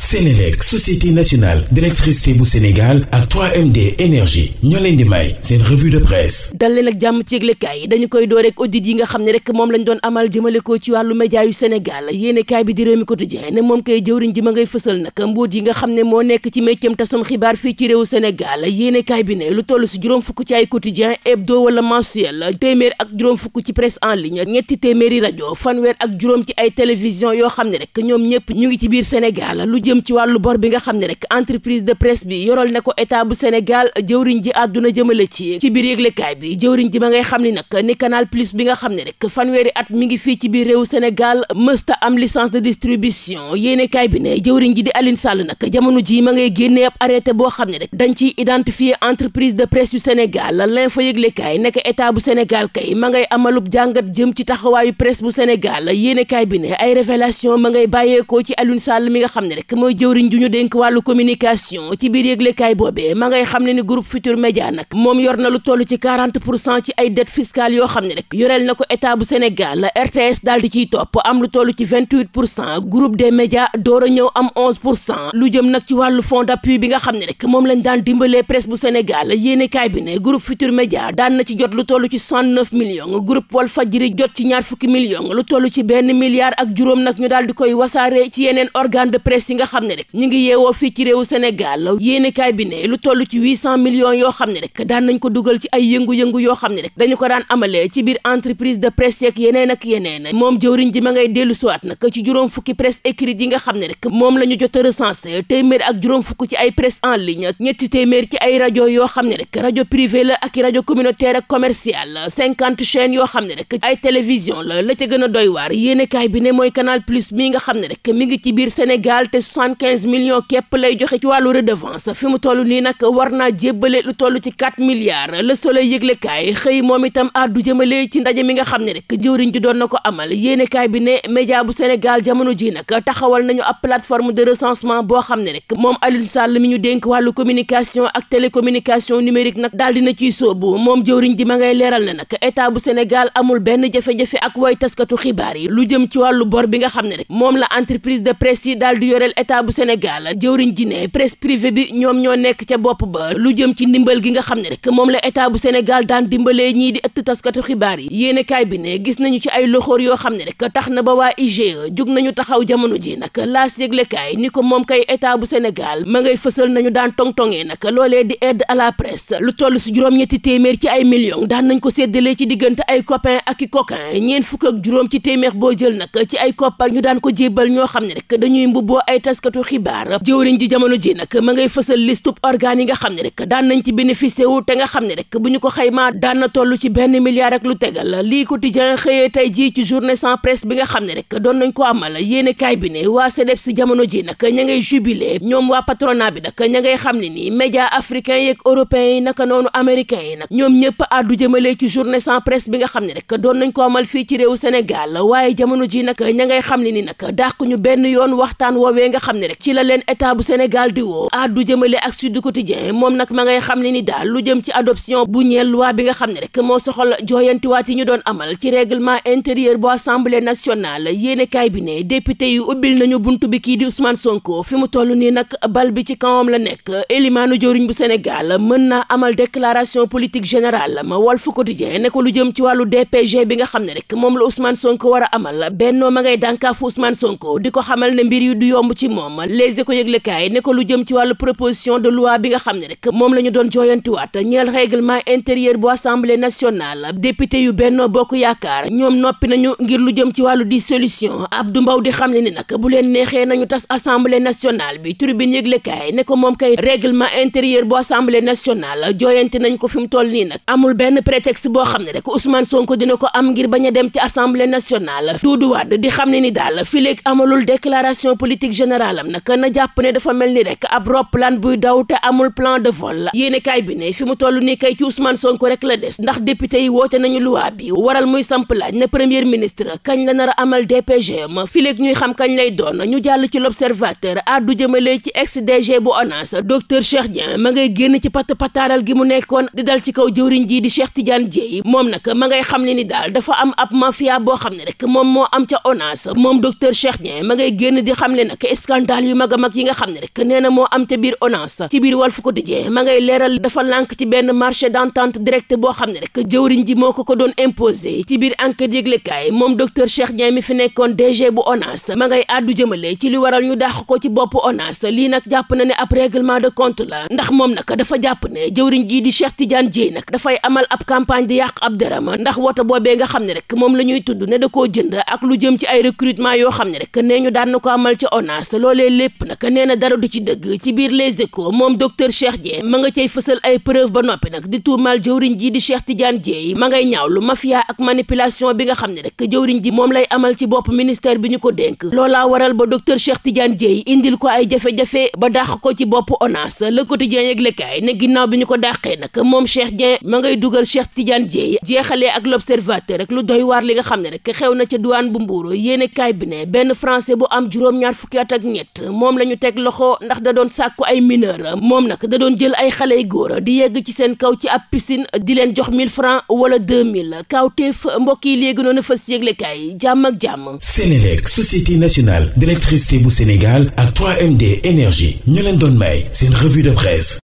Sénélec société nationale d'électricité bu Sénégal ak 3MD énergie ñoo leen di may seen revue de presse dal leen ak jàmm ci yëglekaay yi dañu koy door rek audit yi nga xam ne rek moom lañu doon amal jëmale ko ci wàllu média yu Sénégal yéene kaay bi di réew mi quotidien ne moom koy jëwriñ ji ma ngay fësal nag mbóot yi nga xam ne moo nekk ci méccam tasum xibaar fii ci réewu Sénégal yéene kaay bi ne lu toll si juróom fukk ci ay quotidien hebdo wala mensuel téeméer ak juróom fukk ci presse en ligne ñetti téeméeri rajo fanweer ak juróom ci ay télévision yoo xam ne rek ñoom ñëpp ñu ngi ci biir Sénégal jëm ci wàllu bor bi nga xam ne rek bi yoral na ko état bu Sénégal jëwriñ ji bi jëwriñ xam ni nag ni Canal Plus bi nga xam ne rek fanweeri at mi ngi fii ci biir réew Sénégal mësta am licence de distribution ji di Aline Sall nag jamono ji ma ngay génnee ab arrêté boo xam ne rek dañ ci identifier entreprise de presse yu Sénégal l'info yëglekaay nekk état bu Sénégal kay ma ngay amalub jàngat jëm ci taxawaayu presse bu Sénégal yéenekaay bi ne ay révélation ma ngay bàyyeekoo ci Aline Sall mi nga xam ne rek mooy jëwriñ ju ñu dénk wàllu communication ci biir yëglekaay boobee ma ngay xam ne ni groupe Futur Média nag moom yor na lu toll ci 40 pour cent ci ay dette fiscale yoo xam ne rek yoreel na ko état bu Sénégal RTS daal ciy topp am lu toll ci groupe des médias door ñëw am lu jëm nag ci wàllu fond d'appui bi nga xam ne rek moom lañ daan dimbalee presse bu Sénégal yéenekaay bi ne groupe Futur Média daan na ci jot lu toll ci 69 millions groupe Walfadjri jot ci ñaar lu toll ci benn milliard ak juróom nga xam ne rek ñu ngi yeewoo fii ci réew Sénégal yéenekaay bi ne lu toll ci huit cent millions yoo xam ne rek daan nañ ko dugal ci ay yëngu yoo xam ne rek dañu ko daan amalee ci biir entreprise de yeneen ak yeneen moom jëwriñ ji ma ngay dellu siwaat nag ci juróom fukki presse écrite yi nga xam ne rek moom la ñu jot a recensé ak juróom fukk ci ay presse en ligne ñetti téeméer ci ay rajo yoo xam ne rek rajo privé la ak rajo communautaire ak commercial cinquante chaînes yoo xam ne rek ay télévision la la ca gën a doy yéenekaay bi ne mooy canal plus mi nga xam ne rek mi ngi ci biir Sénégal te soixante-quinze millions képp lay joxe ci wàllu redevance fi mu toll nii nag war naa jébbale lu toll ci quatre milliards Le Soleil yëglekaay xëy moom itam àddu jëmale ci ndaje mi nga xam ne rek jëwriñ ji doon na ko amal yéenekaay bi ne média bu Sénégal jamono ji nag taxawal nañu ab plateforme de recensement boo xam ne rek moom Alioune Sall mi ñu dénk wàllu communication ak télécommunication numérique nag daal dina ciy bu moom jëwriñ ji ma ngay leeral na nag état bu Sénégal amul benn jafe ak way taskatu xibaar yi lu jëm ci wàllu bor bi nga xam ne rek moom la entreprise de presse yi daal di yoreel état bu Sénégal jëwriñ ji ne presse bi ñoom ñoo nekk ca bopp ba lu jëm ci ndimbal gi nga xam ne rek moom la état bu Sénégal daan dimbalee ñii di ëtt taskatu xibaar yi yéenekaay bi ne gis nañu ci ay loxoor yoo xam ne rek tax na ba waa IGE jug nañu taxaw jamono ji nag laas yëglekaay ni ko moom kay état bu Sénégal ma ngay fësal nañu daan tongtongee nag loolee di aide à la presse lu toll si juróom-ñetti téeméer ci ay millions daan nañ ko séddalee ci diggante ay copains ak i coquins ñeent fukk ak juróom ci téeméer boo jël nag ci ay koppar ñu daan ko jébbal ñoo xam ne rek dañuy mbubboo ay taskatu xibaar jëwriñ ji jamono ji nag ma ngay fësal listub organes yi nga xam ne rek daan nañ ci bénéficié wu te nga xam ne rek bu ñu ko xaymaa daan na toll ci benn milliard ak lu tegal lii quotidien xëyee tey jii ci journée sans presse bi nga xam ne rek doon nañ ko amal yéene bi ne waa CDEPS si jamono ji nag ña ngay jubilé ñoom waa patronat bi nag ña ngay xam ne nii média africain yeeg européens yi naka noonu américains yi nag ñoom ñëpp àddu jëmale ci journée sans presse bi nga xam ne rek doon nañ ko amal fii ci réewu Sénégal waaye jamono ji nag ña ngay xam ne ni nag dàq ñu benn yoon waxtaan woowee nga nga xam ne rek ci la leen état bu Sénégal di woo addu jëmale ak Sud Quotidien moom nag ma ngay xam ne ni daal lu jëm ci adoption bu ñeel loi bi nga xam ne rek moo soxal jooyantiwaat yi ñu doon amal ci règlement intérieur bu assemblée bi ne député yu ubbil nañu buntu bi kii di Ousmane Sonko fi mu toll nii nag bal bi ci kawam la nekk élimaanu joriñ bu Sénégal mën naa amal déclaration politique générale ma Walf Quotidien ne ko lu jëm ci wàllu DPG bi nga xam ne rek moom la Ousmane sonk war a amal bennoo ma ngay dànkaafu Ousmane Sonko di ko xamal ne mbir yu du yomb ci ci moom les éco yëglekaay ne ko lu jëm ci wàllu proposition de loi bi nga xam ne rek moom la doon jooyantuwaat ñeel règlement intérieur bu assemblée nationale député noppi nañu ngir lu jëm ci wàllu dissolution Abdou Mbow di xam ne ni nag bu leen neexee nañu tas assemblée nationale bi tribune yëglekaay ne ko moom kay règlement intérieur bu assemblée nationale jooyante nañ ko fi mu toll nii nag amul benn prétexte boo xam ne rek Ousmane Sonko dina ko am ngir bañ a dem ci assemblée nationale Doudou Wade di xam ne ni daal fileeg amalul déclaration politique général am nag na jàpp ne dafa mel ni rek ab roppalaan buy daw te amul plan de vol la yéene kaay bi ne fi mu toll nii kay ci Ousmane Sonko rek la des ndax député yi woote nañu luwaa bi waral muy samp laaj na premier ministre kañ la nar a amal DPG ma fileeg ñuy xam kañ lay doon ñu jàll ci l'observateur addu jëmale ci ex DG bu ONAS docteur Cheikh Dieng ma ngay génn ci pat pataaral gi mu nekkoon di dal ci kaw jëwriñ jii di Cheikh Tidiane Dieye moom nag ma ngay xam ne ni daal dafa am ab mafia boo xam ne rek moom moo am ca ONAS moom docteur Cheikh scandale yu mag mag yi nga xam ne rek nee na moo am ca biir ONAS ci biir Walf Quotidien ma ngay leeral dafa lànk ci benn marché d'entente direct boo xam ne rek jëwriñ ji moo ko doon imposé ci biir enquête yëglekaay moom docteur Cheikh Ndiaye mi fi nekkoon DG bu ONAS ma ngay àddu jëmale ci li waral ñu dàq ko ci bopp ONAS lii nag jàpp na ne ab règlement de compte la ndax moom nag dafa jàpp ne jëwriñ jii di Cheikh Tidiane nag dafay amal ab campagne di yàq ndax woto boobee nga xam ne rek moom la ñuy tudd ne da koo jënd ak lu jëm ci ay recrutement yoo xam ne rek nee ñu ko amal ci commerce loolee lépp naka nee na dara du ci dëgg ci biir les échos moom docteur Cheikh Dieng ma nga cay fësal ay preuve ba noppi nag di tuumaal jëwriñ ji di Cheikh Tidiane Dieye ma ngay ñaw ñaawlu mafia ak manipulation bi nga xam ne rek jëwriñ ji moom lay amal ci bopp ministère bi ñu ko dénk loolaa waral ba docteur Cheikh Tidiane Dieye indil ko ay jafe-jafe ba dàq ko ci bopp ONAS Le Quotidien yëglekaay ne ginnaaw bi ñu ko dàqee nag moom Cheikh Dieng ma ngay dugal Cheikh Tidiane Dieye jeexalee ak l'observateur rek lu doy waar li nga xam ne rek xew na ca douane bu Mbuur yéene kaay bi ne benn français bu am juróom ak ñett moom la ñu teg loxo ndax da doon sàkku ay mineur moom nag da doon jël ay xale yu góor di yegg ci seen kaw ci ab piscine di leen jox mille francs wala 2000 kawteef mbokk yi léegi noonu fas yëglekaay jàmm ak jàmm. Sénélec société nationale d'électricité bu Sénégal ak 3MD énergie ñu leen doon may seen revue de presse.